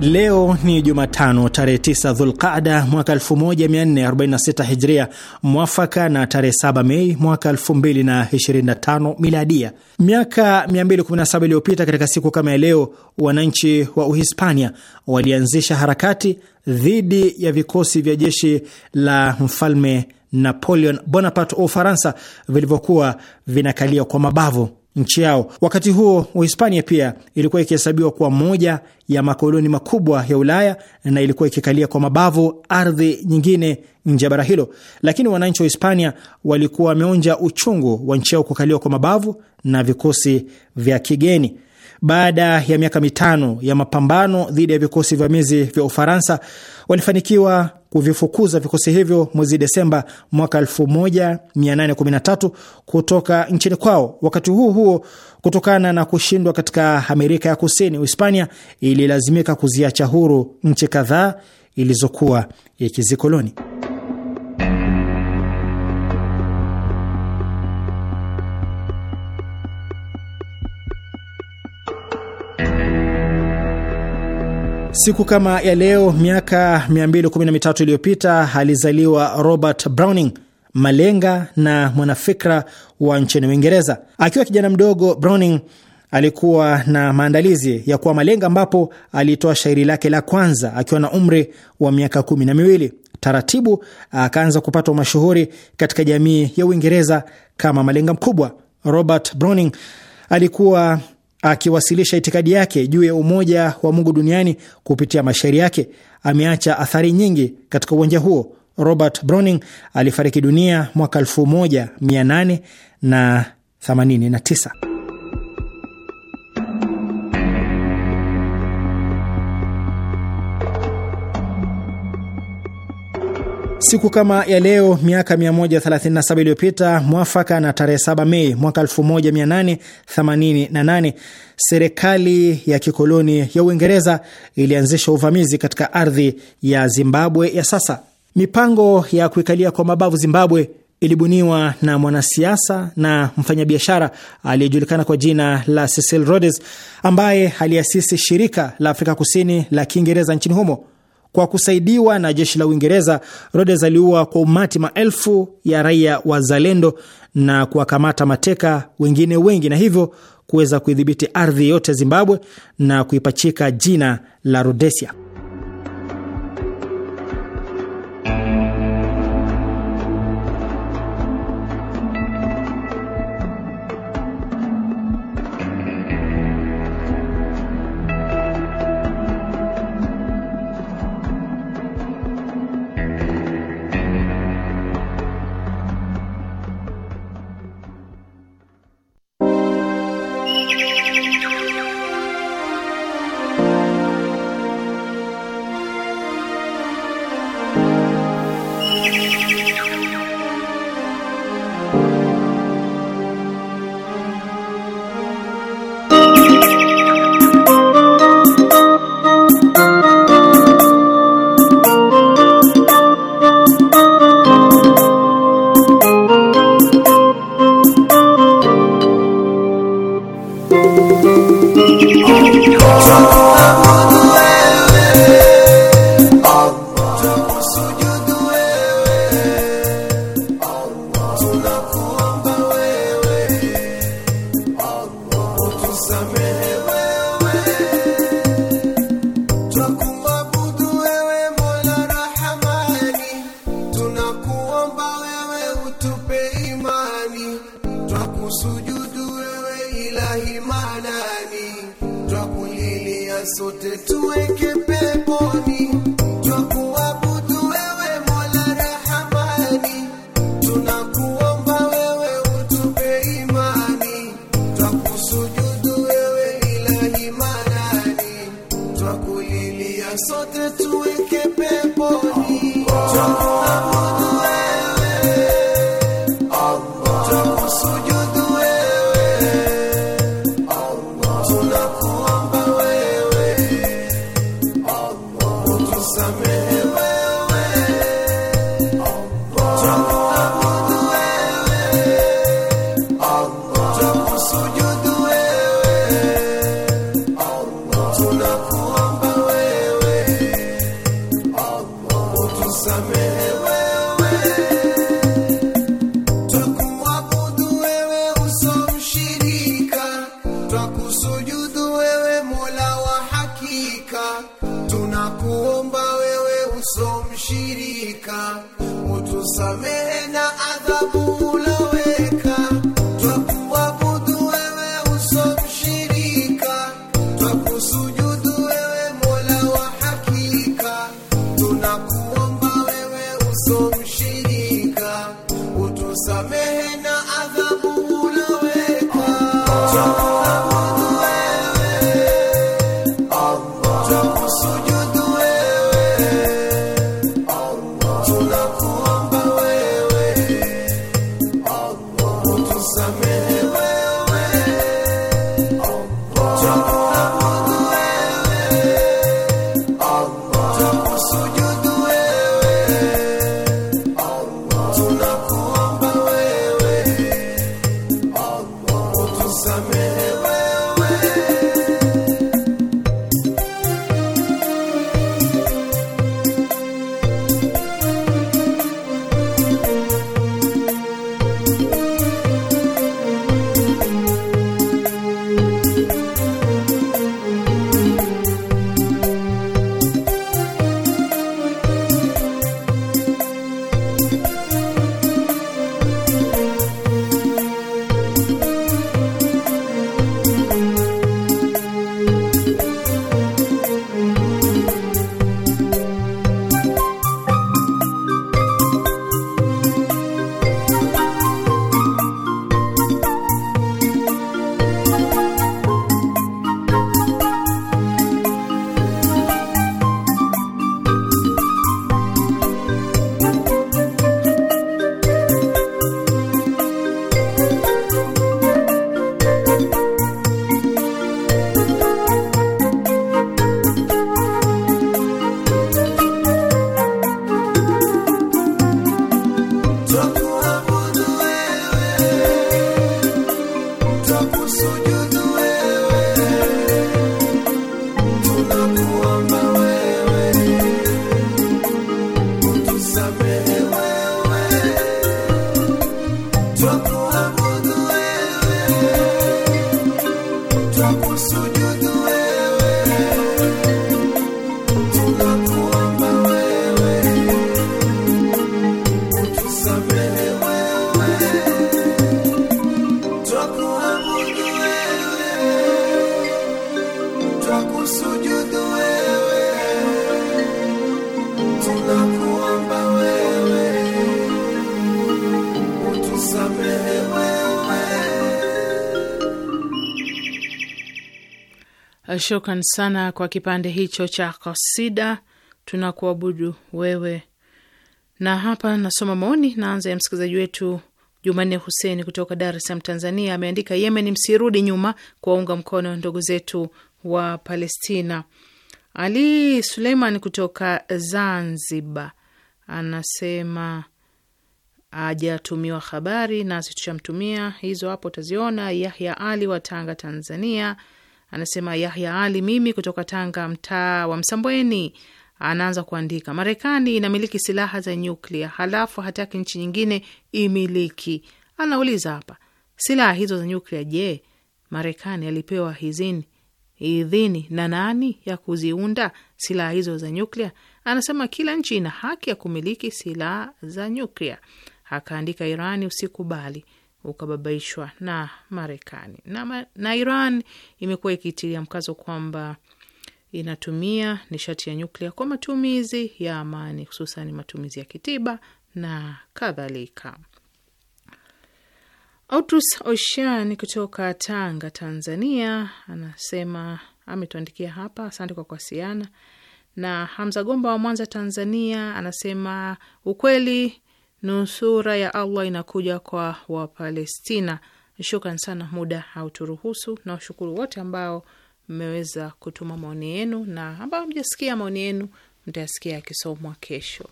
Leo ni Jumatano tarehe 9 Dhulqada mwaka 1446 Hijria, mwafaka na tarehe 7 Mei mwaka 2025 Miladia. Miaka 217 iliyopita katika siku kama ya leo, wananchi wa Uhispania walianzisha harakati dhidi ya vikosi vya jeshi la mfalme Napoleon Bonaparte wa Ufaransa vilivyokuwa vinakalia kwa mabavu nchi yao. Wakati huo, Uhispania pia ilikuwa ikihesabiwa kuwa moja ya makoloni makubwa ya Ulaya na ilikuwa ikikalia kwa mabavu ardhi nyingine nje ya bara hilo, lakini wananchi wa Hispania walikuwa wameonja uchungu wa nchi yao kukaliwa kwa mabavu na vikosi vya kigeni. Baada ya miaka mitano ya mapambano dhidi ya vikosi vamizi vya Ufaransa, walifanikiwa kuvifukuza vikosi hivyo mwezi Desemba mwaka 1813 kutoka nchini kwao. Wakati huo huo, kutokana na kushindwa katika Amerika ya Kusini, Uhispania ililazimika kuziacha huru nchi kadhaa ilizokuwa ikizikoloni. Siku kama ya leo miaka 213 iliyopita alizaliwa Robert Browning, malenga na mwanafikra wa nchini Uingereza. Akiwa kijana mdogo, Browning alikuwa na maandalizi ya kuwa malenga, ambapo alitoa shairi lake la kwanza akiwa na umri wa miaka kumi na miwili. Taratibu akaanza kupata mashuhuri katika jamii ya Uingereza kama malenga mkubwa. Robert Browning alikuwa akiwasilisha itikadi yake juu ya umoja wa Mungu duniani kupitia mashairi yake. Ameacha athari nyingi katika uwanja huo. Robert Browning alifariki dunia mwaka 1889. Siku kama ya leo miaka 137 iliyopita mwafaka na tarehe 7 Mei mwaka 1888, serikali ya kikoloni ya Uingereza ilianzisha uvamizi katika ardhi ya Zimbabwe ya sasa. Mipango ya kuikalia kwa mabavu Zimbabwe ilibuniwa na mwanasiasa na mfanyabiashara aliyejulikana kwa jina la Cecil Rhodes ambaye aliasisi shirika la Afrika Kusini la Kiingereza nchini humo. Kwa kusaidiwa na jeshi la Uingereza, Rhodes aliua kwa umati maelfu ya raia wazalendo na kuwakamata mateka wengine wengi, na hivyo kuweza kuidhibiti ardhi yote Zimbabwe na kuipachika jina la Rhodesia. I saw the two wicked Shukran sana kwa kipande hicho cha kasida, tunakuabudu wewe. Na hapa nasoma maoni, naanza ya msikilizaji wetu Jumanne Huseni kutoka Dar es Salaam, Tanzania. Ameandika, Yemen msirudi nyuma kuwaunga mkono ndugu zetu wa Palestina. Ali Suleiman kutoka Zanzibar anasema ajatumiwa habari, nasi tushamtumia hizo, hapo utaziona. Yahya Ali wa Tanga, Tanzania Anasema Yahya Ali Mimi kutoka Tanga, mtaa wa Msambweni. Anaanza kuandika, Marekani inamiliki silaha za nyuklia, halafu hataki nchi nyingine imiliki. Anauliza hapa, silaha hizo za nyuklia, je, Marekani alipewa hizini idhini na nani ya kuziunda silaha hizo za nyuklia? Anasema kila nchi ina haki ya kumiliki silaha za nyuklia. Akaandika, Irani usikubali, ukababaishwa na Marekani na, na Iran imekuwa ikitilia mkazo kwamba inatumia nishati ya nyuklia kwa matumizi ya amani, hususan matumizi ya kitiba na kadhalika. Autus Oshan kutoka Tanga, Tanzania, anasema ametuandikia hapa. Asante kwa kuasiana. na Hamza Gomba wa Mwanza, Tanzania, anasema ukweli nusura ya Allah inakuja kwa Wapalestina. Shukran sana, muda hauturuhusu. Na washukuru wote ambao mmeweza kutuma maoni yenu, na ambao mjasikia maoni yenu mtayasikia akisomwa kesho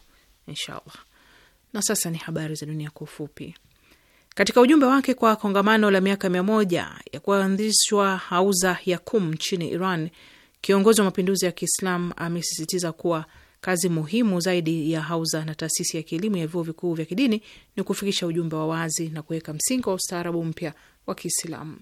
inshallah. Na sasa ni habari za dunia kwa ufupi. Katika ujumbe wake kwa kongamano la miaka mia moja ya kuanzishwa hauza ya kum nchini Iran, kiongozi wa mapinduzi ya Kiislamu amesisitiza kuwa Kazi muhimu zaidi ya Hauza na taasisi ya kielimu ya vyuo vikuu vya kidini ni kufikisha ujumbe wa wazi na kuweka msingi wa ustaarabu mpya wa Kiislamu.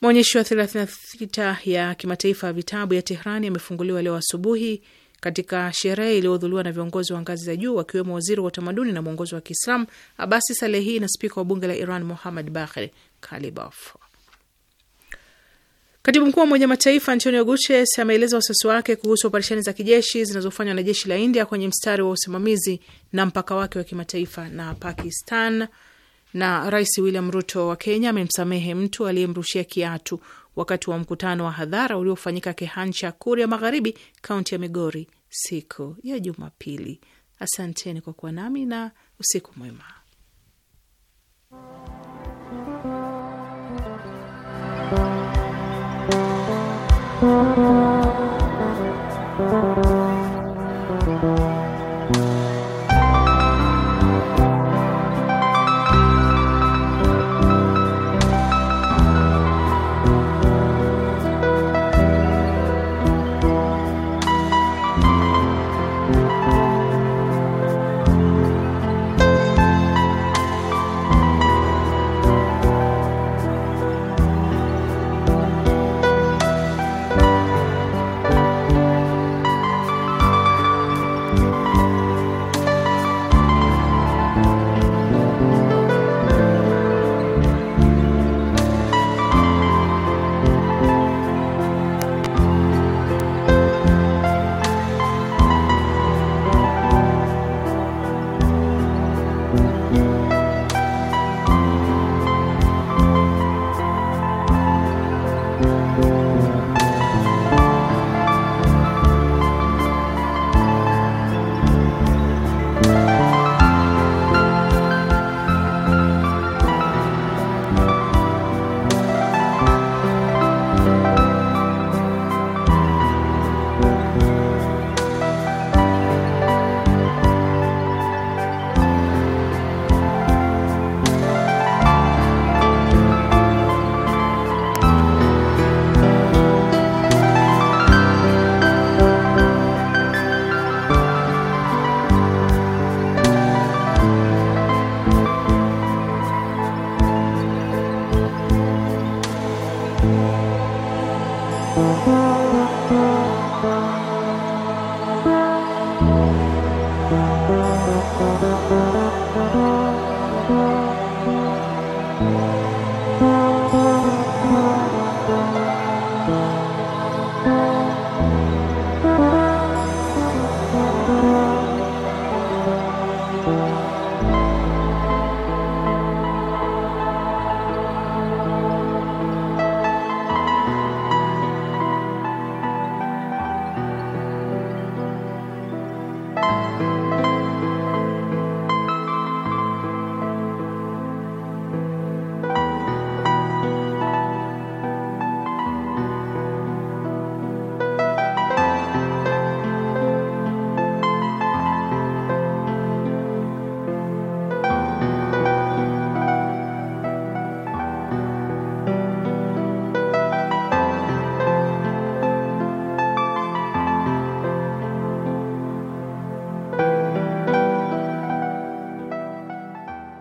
Maonyesho ya 36 ya kimataifa ya vitabu ya Tehrani yamefunguliwa leo asubuhi katika sherehe iliyohudhuriwa na viongozi wa ngazi za juu wakiwemo waziri wa utamaduni na mwongozi wa Kiislamu Abasi Salehi na spika wa bunge la Iran Muhammad Bakir Kalibaf. Katibu mkuu wa Umoja Mataifa Antonio Guterres ameeleza wasiwasi wake kuhusu operesheni za kijeshi zinazofanywa na jeshi la India kwenye mstari wa usimamizi na mpaka wake wa kimataifa na Pakistan. Na Rais William Ruto wa Kenya amemsamehe mtu aliyemrushia kiatu wakati wa mkutano wa hadhara uliofanyika Kehancha, Kuria Magharibi, kaunti ya Migori siku ya Jumapili. Asanteni kwa kuwa nami na usiku mwema. Thank you.